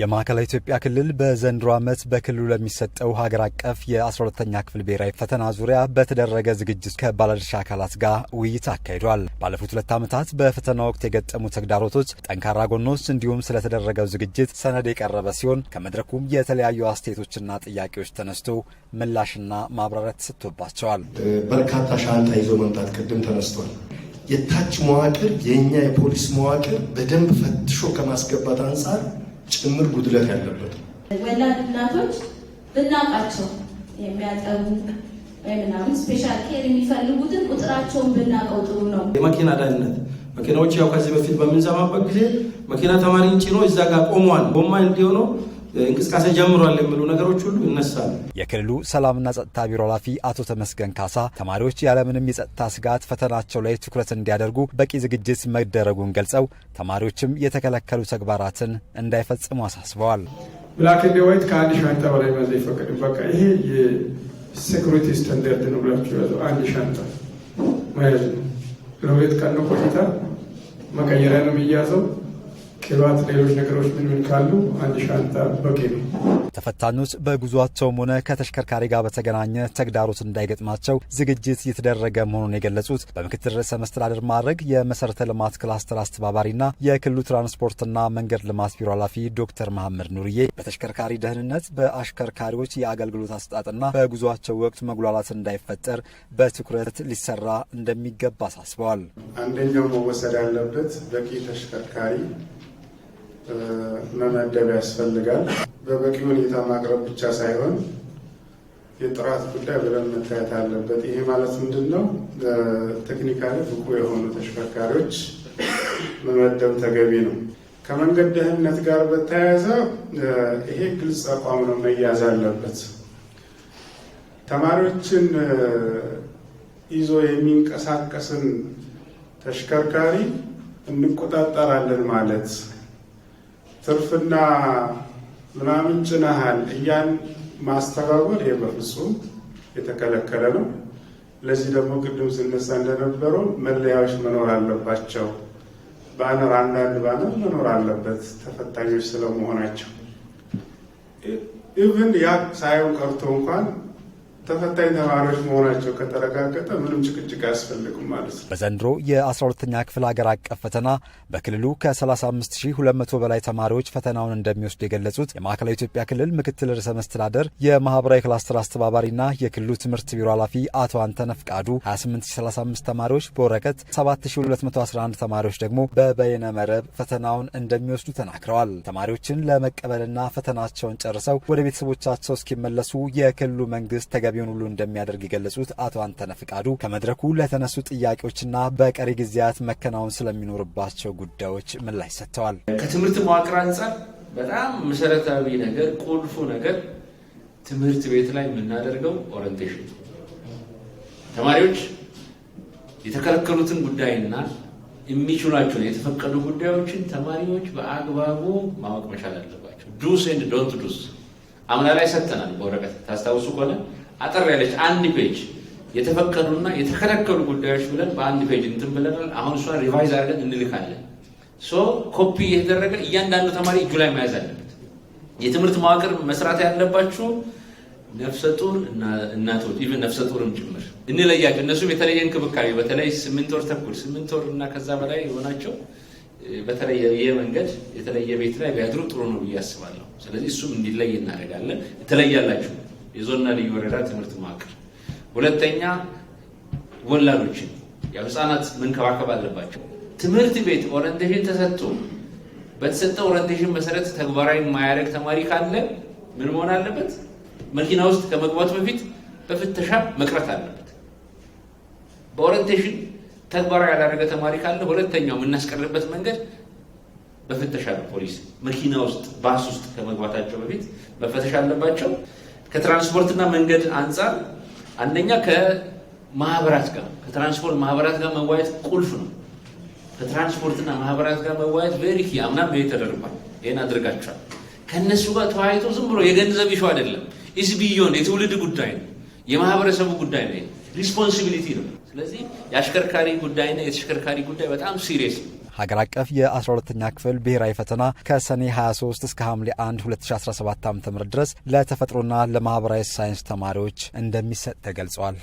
የማዕከላዊ ኢትዮጵያ ክልል በዘንድሮ ዓመት በክልሉ ለሚሰጠው ሀገር አቀፍ የ12ተኛ ክፍል ብሔራዊ ፈተና ዙሪያ በተደረገ ዝግጅት ከባለድርሻ አካላት ጋር ውይይት አካሂዷል። ባለፉት ሁለት ዓመታት በፈተና ወቅት የገጠሙ ተግዳሮቶች፣ ጠንካራ ጎኖች እንዲሁም ስለተደረገው ዝግጅት ሰነድ የቀረበ ሲሆን ከመድረኩም የተለያዩ አስተያየቶችና ጥያቄዎች ተነስቶ ምላሽና ማብራሪያ ተሰጥቶባቸዋል። በርካታ ሻንጣ ይዞ መምጣት ቅድም ተነስቷል። የታች መዋቅር የእኛ የፖሊስ መዋቅር በደንብ ፈትሾ ከማስገባት አንጻር ጭምር ጉድለት ያለበት ነው። ወላድ እናቶች ብናውቃቸው የሚያጠቡ ምናምን ስፔሻል ኬር የሚፈልጉትን ቁጥራቸውን ብናውቀው ጥሩ ነው። የመኪና ደህንነት መኪናዎች ያው ከዚህ በፊት በምንሰማበት ጊዜ መኪና ተማሪን ጭኖ እዛ ጋር ቆሟል ጎማ እንዲሆነው እንቅስቃሴ ጀምሯል የሚሉ ነገሮች ሁሉ ይነሳሉ። የክልሉ ሰላምና ጸጥታ ቢሮ ኃላፊ አቶ ተመስገን ካሳ ተማሪዎች ያለምንም የጸጥታ ስጋት ፈተናቸው ላይ ትኩረት እንዲያደርጉ በቂ ዝግጅት መደረጉን ገልጸው ተማሪዎችም የተከለከሉ ተግባራትን እንዳይፈጽሙ አሳስበዋል። ብላክና ዋይት ከአንድ ሻንጣ በላይ መያዝ አይፈቀድም። በቃ ይሄ የሴኩሪቲ ስታንዳርድ ነው ብላችሁ ያዙ። አንድ ሻንጣ መያዝ ነው። ለሁለት ቀን ነው ቆይታ መቀየሪያ ነው የሚያዘው ቅባት፣ ሌሎች ነገሮች ምን ምን ካሉ አንድ ሻንጣ በቂ ነው። ተፈታኞች በጉዟቸውም ሆነ ከተሽከርካሪ ጋር በተገናኘ ተግዳሮት እንዳይገጥማቸው ዝግጅት እየተደረገ መሆኑን የገለጹት በምክትል ርዕሰ መስተዳድር ማድረግ የመሰረተ ልማት ክላስተር አስተባባሪና የክልሉ ትራንስፖርትና መንገድ ልማት ቢሮ ኃላፊ ዶክተር መሐመድ ኑርዬ በተሽከርካሪ ደህንነት፣ በአሽከርካሪዎች የአገልግሎት አሰጣጥና በጉዟቸው ወቅት መጉላላት እንዳይፈጠር በትኩረት ሊሰራ እንደሚገባ አሳስበዋል። አንደኛው መወሰድ ያለበት በቂ ተሽከርካሪ መመደብ ያስፈልጋል። በበቂ ሁኔታ ማቅረብ ብቻ ሳይሆን የጥራት ጉዳይ በደንብ መታየት አለበት። ይሄ ማለት ምንድን ነው? ቴክኒካሊ ብቁ የሆኑ ተሽከርካሪዎች መመደብ ተገቢ ነው። ከመንገድ ደህንነት ጋር በተያያዘ ይሄ ግልጽ አቋም ነው መያዝ አለበት። ተማሪዎችን ይዞ የሚንቀሳቀስን ተሽከርካሪ እንቆጣጠራለን ማለት ትርፍና ምናምን ጭነሃል እያን ማስተባበር በፍጹም የተከለከለ ነው። ለዚህ ደግሞ ቅድም ስነሳ እንደነበረው መለያዎች መኖር አለባቸው። ባነር፣ አንዳንድ ባነር መኖር አለበት ተፈታኞች ስለመሆናቸው ኢቭን ያ ሳይሆን ቀርቶ እንኳን ተፈታኝ ተማሪዎች መሆናቸው ከተረጋገጠ ምንም ጭቅጭቅ አያስፈልግም ማለት ነው። በዘንድሮ የ12ተኛ ክፍል ሀገር አቀፍ ፈተና በክልሉ ከ35200 በላይ ተማሪዎች ፈተናውን እንደሚወስዱ የገለጹት የማዕከላዊ ኢትዮጵያ ክልል ምክትል ርዕሰ መስተዳደር የማህበራዊ ክላስተር አስተባባሪና የክልሉ ትምህርት ቢሮ ኃላፊ አቶ አንተነ ፍቃዱ 28035 ተማሪዎች በወረቀት 7211 ተማሪዎች ደግሞ በበይነ መረብ ፈተናውን እንደሚወስዱ ተናግረዋል። ተማሪዎችን ለመቀበልና ፈተናቸውን ጨርሰው ወደ ቤተሰቦቻቸው እስኪመለሱ የክልሉ መንግስት ተገቢ ተገቢውን ሁሉ እንደሚያደርግ የገለጹት አቶ አንተነ ፍቃዱ ከመድረኩ ለተነሱ ጥያቄዎችና በቀሪ ጊዜያት መከናወን ስለሚኖርባቸው ጉዳዮች ምላሽ ሰጥተዋል። ከትምህርት መዋቅር አንጻር በጣም መሰረታዊ ነገር ቁልፉ ነገር ትምህርት ቤት ላይ የምናደርገው ኦሪንቴሽን ተማሪዎች የተከለከሉትን ጉዳይና የሚችሏቸውን የተፈቀዱ ጉዳዮችን ተማሪዎች በአግባቡ ማወቅ መቻል አለባቸው። ዱስ ኤንድ ዶንት ዱስ አምና ላይ ሰጥተናል በወረቀት ታስታውሱ ከሆነ አጠር ያለች አንድ ፔጅ የተፈቀዱና የተከለከሉ ጉዳዮች ብለን በአንድ ፔጅ እንትን ብለናል። አሁን እሷ ሪቫይዝ አድርገን እንልካለን። ሶ ኮፒ እየተደረገ እያንዳንዱ ተማሪ እጁ ላይ መያዝ አለበት። የትምህርት መዋቅር መስራት ያለባችሁ ነፍሰ ጡር እናቶች ኢቨን ነፍሰ ጡርም ጭምር እንለያቸው። እነሱም የተለየ እንክብካቤ በተለይ ስምንት ወር ተኩል ስምንት ወር እና ከዛ በላይ የሆናቸው በተለየ መንገድ የተለየ ቤት ላይ ቢያድሩ ጥሩ ነው ብዬ አስባለሁ። ስለዚህ እሱም እንዲለይ እናደርጋለን። ትለያላችሁ። የዞንና ልዩ ወረዳ ትምህርት መዋቅር፣ ሁለተኛ ወላዶችን የህፃናት መንከባከብ አለባቸው። ትምህርት ቤት ኦሪንቴሽን ተሰጥቶ በተሰጠ ኦሪንቴሽን መሰረት ተግባራዊ የማያደርግ ተማሪ ካለ ምን መሆን አለበት? መኪና ውስጥ ከመግባቱ በፊት በፍተሻ መቅረት አለበት። በኦሪንቴሽን ተግባራዊ ያላደረገ ተማሪ ካለ ሁለተኛው የምናስቀርበት መንገድ በፍተሻ ፖሊስ መኪና ውስጥ ባስ ውስጥ ከመግባታቸው በፊት መፈተሻ አለባቸው። ከትራንስፖርትና መንገድ አንጻር አንደኛ ከማህበራት ጋር ከትራንስፖርት ማህበራት ጋር መዋየት ቁልፍ ነው። ከትራንስፖርትና ማህበራት ጋር መዋየት ቬሪ ኪ አምናም ይሄ ተደርጓል። ይሄን አድርጋቸዋል። ከእነሱ ጋር ተወያይቶ ዝም ብሎ የገንዘብ ይሾ አይደለም። ኢስ ቢዮን የትውልድ ጉዳይ ነው። የማህበረሰቡ ጉዳይ ነው። ሪስፖንሲቢሊቲ ነው። ስለዚህ የአሽከርካሪ ጉዳይና የተሽከርካሪ ጉዳይ በጣም ሲሪየስ ነው። ሀገር አቀፍ የ12ኛ ክፍል ብሔራዊ ፈተና ከሰኔ 23 እስከ ሐምሌ 1 2017 ም ድረስ ለተፈጥሮና ለማህበራዊ ሳይንስ ተማሪዎች እንደሚሰጥ ተገልጿል።